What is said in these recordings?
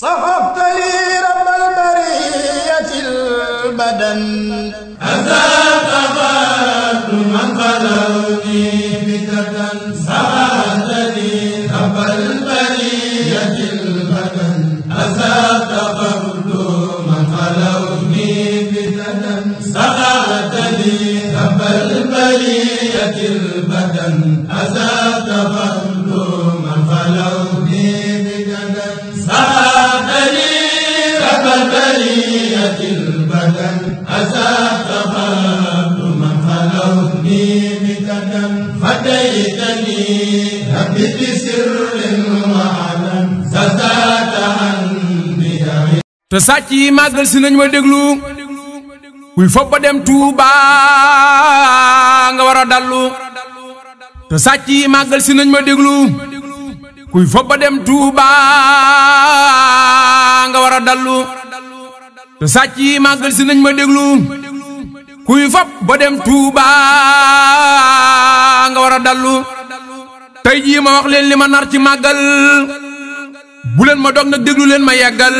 صفبت لي رب البرية البدن أذا تغاد من خلوني بددا صفبت لي رب البرية البدن أذا تغاد من خلوني بددا صفبت لي رب البرية البدن أذا تغاد من خلوني بددا te sàcc yi màggal si nañ ma déglu kuy fopp ba dem Touba nga war a dallu te sàcc yi màggal si nañ ma déglu kuy ba dem Touba nga war a dallu te sàcc yi màggal si nañ ma déglu kuy fop ba dem Touba nga war a dallu tey jii ma wax leen li ma nar ci màggal bu leen ma dog nag déglu leen ma yeggal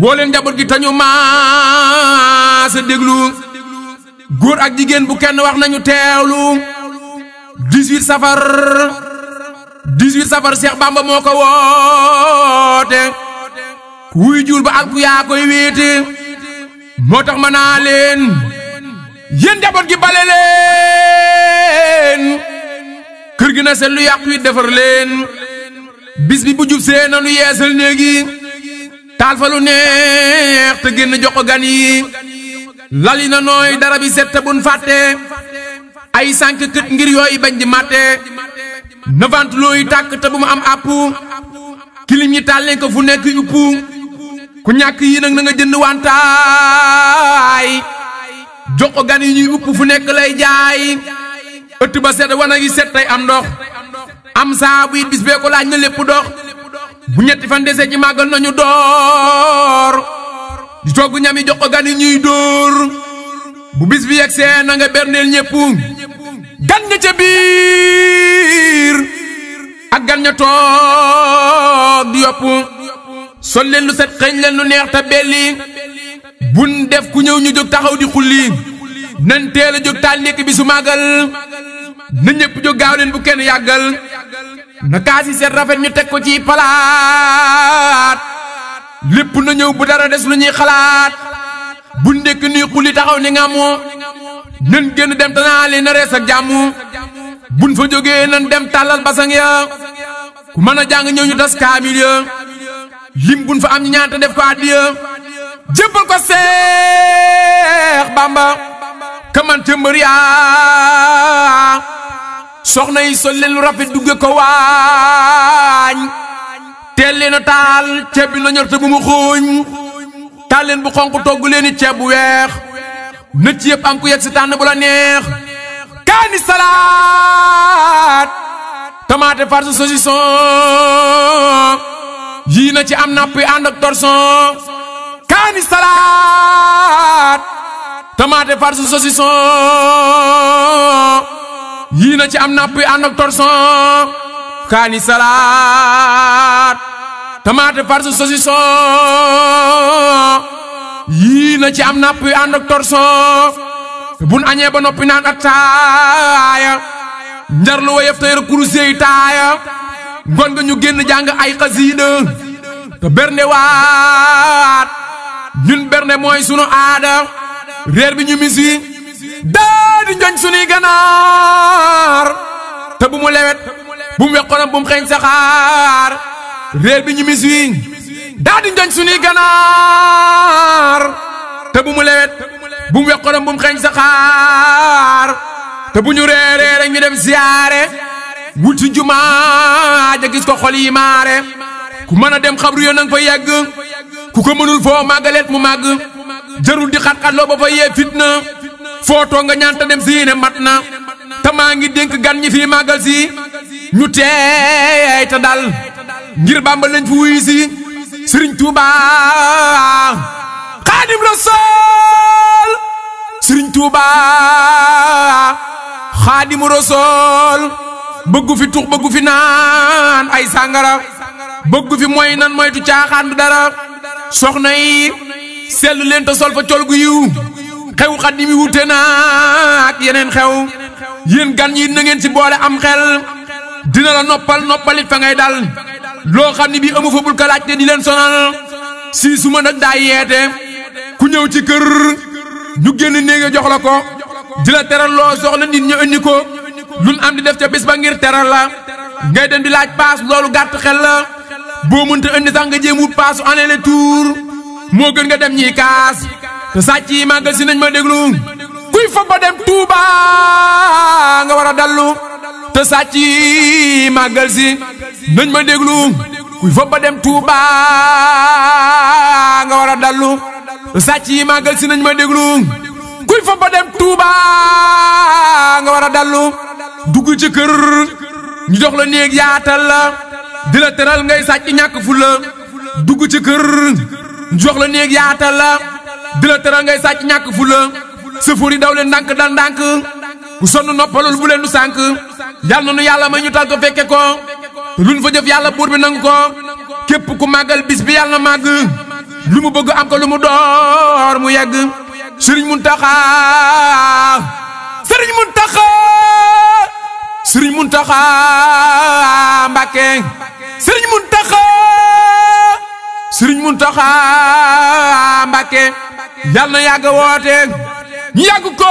woo leen njaboot gi tañu maase déglu góor ak jigéen bu kenn wax nañu teewlu 18 safar 18 safar Cheikh Bamba moo ko woote wuy juul ba alku yaa koy moo tax ma naa leen yéen njaboot gi bale leen kër gi na seet lu yàqu yi defar leen bis bi bu jub na nu yeesal néegi taal fa lu neex te génn jox ko gan yi lal na nooy dara bi set te bun ay sànq kët ngir yooyu bañ di màtte na vente looyu tàkk te mu am àpp kilim yi taal ko fu nekk uppu ku ñàkk yi nag na nga jënd wantaay jox ko gan yi ñuy upp fu nekk lay jaay ëtt ba set wana yi set am ndox am saabu it bis bee ko laaj na lépp dox bu ñetti fan dese ci màggal nañu door di togg ñam yi jox ko gan yi ñuy dóor bu bis bi yegg na nga berndeel ñëpp gan ña ca biir ak gan ña toog di yopp sol leen lu set xëñ leen lu neex te belli bun def ku ñëw ñu jóg taxaw di xulli nan teel a jóg taal nekk bi su màggal na ñëpp jóg gaaw leen bu kenn yàggal na kaas yi seet rafet ñu teg ko ci palaat lépp na ñëw bu dara des lu ñuy xalaat bu ndekk nuy xulli taxaw ni nga moo nan génn dem tanaa li na rees ak jàmm buñ fa jógee nan dem tàllal basang ya ku mën a jàng ñëw ñu tas kaamil ya lim buñ fa am ñu ñaata def ko addiya jébbal ko seex bamba kaman cëmbër yaa soxna yi sol leen lu dugge ko waañ teel leen a taal ceeb bi na te bu mu xooñ taal leen bu xonq togg leen i ceeb bu weex na yëpp am ku yegg si tànn bu neex kaani salaat tamaate farce saucisson yii na ci am napp yi ànd ak torson kaani salaat tamaate farce saucisson yii na ci am napp yi ànd ak torson kaani salaat tamaate farce saucisson yii na ci am napp yi ànd ak torson bun añee ba noppi naan attaaya njarlu wa yëf tayër kurusey taaya gon nga ñu génn jàng ay xasiida te berne waat ñun berne mooy sunu aada réer bi ñu misi daa di joñ sunuy ganaar te bu mu lewet bu mu weqonam bu mu xeeñ saxaar réer bi ñu misi daa di joñ sunuy ganaar te bu mu lewet bu mu weqonam bu mu xeeñ saxaar te bu ñu réeree rek ñu dem siyaare wuti jumaa ja gis ko xol yi maare ku mën a dem xabru yo fa yàgg ku ko mënul foo màggaleet mu màgg jarul di xat-xatloo ba fa yee fitna footoo nga ñaanta dem si ne mat ngi dénk gan ñi fii màggal si ñu teey te dal ngir Bàmba lañ fi wuyu si Sëriñ Tuuba Xaadim Rasuul Sëriñ Tuuba Xaadim Rasuul bëggu fi tux bëggu fi naan ay sàngara bëggu fi mooy nan moytu caaxaan du dara soxna yi seetlu leen te sol fa col gu yiw xew xaddi mi wute naa ak yeneen xew yéen gan yi na ngeen ci boole am xel dina la noppal noppalit fa ngay dal loo xam ni bii amu fa bul ko laajte di leen sonal si suma nag daa yeete ku ñëw ci kër ñu génn néega jox la ko di la teral loo soxna nit ñu indi ko lun am di def ca bis ba ngir teral la ngay dem di laaj paas loolu gàtt xel la boo mënta indi sax nga jéem wut paasu année le tour moo gën nga dem ñiy kaas te sàcc yi màggal si nañ ma déglu kuy fa ba dem Touba nga war a dallu te sàcc yi màggal si nañ ma déglu kuy fa dem Touba nga war a dallu te sàcc yi màggal si nañ ma déglu kuy fa dem Touba nga war a dallu dugg ci kër ñu la néeg yaatal la di la tëral ngay sàcc ñàkk fu la dugg ci kër ñu jox la néeg yaatal la di la tëral ngay sàcc ñàkk fu la sëfoor yi daw leen ndànk dal ndànk ku sonn noppalul bu leen nu sànk yal na nu yàlla may ñu tal ko fekke ko luñ fa jëf yàlla buur bi nangu ko képp ku màggal bis bi yàlla na màgg lu mu bëgg am ko lu mu door mu yegg Serigne Mountakha Serigne Mountakha sëriñ Muntaxa taxa sëriñ Muntaxa taxa Muntaxa Mbàkke yàlla na yàgg woote ñu yàgg ko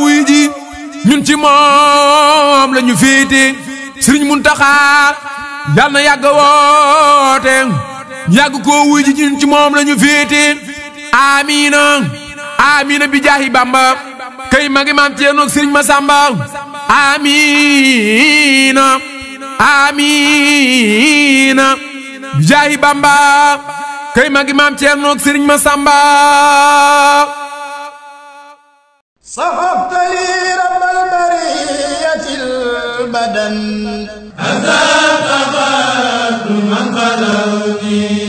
wuy ji ñun ci moom la ñu féete sëriñ Muntaxa yàlla na yàgg woote ñu yàgg ko wuy ñun ci moom la ñu féete amiina amiina bi jaahi Bamba kay magi maam Ceerno ak sëriñ Masamba amiina amiina bi jaahi Bamba kay magi maam Ceerno ak Sëriñ Masamba sahabta li rabbal bariyatil badan azab abad man qalawni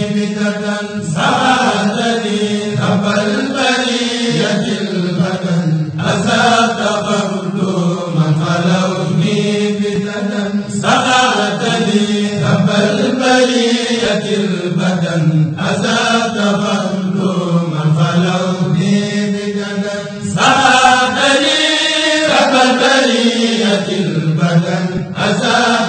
خلوني بدنا سعات لي رب البرية البدن أزاد مظلوم خلوني بدنا سعات لي رب البرية البدن أزاد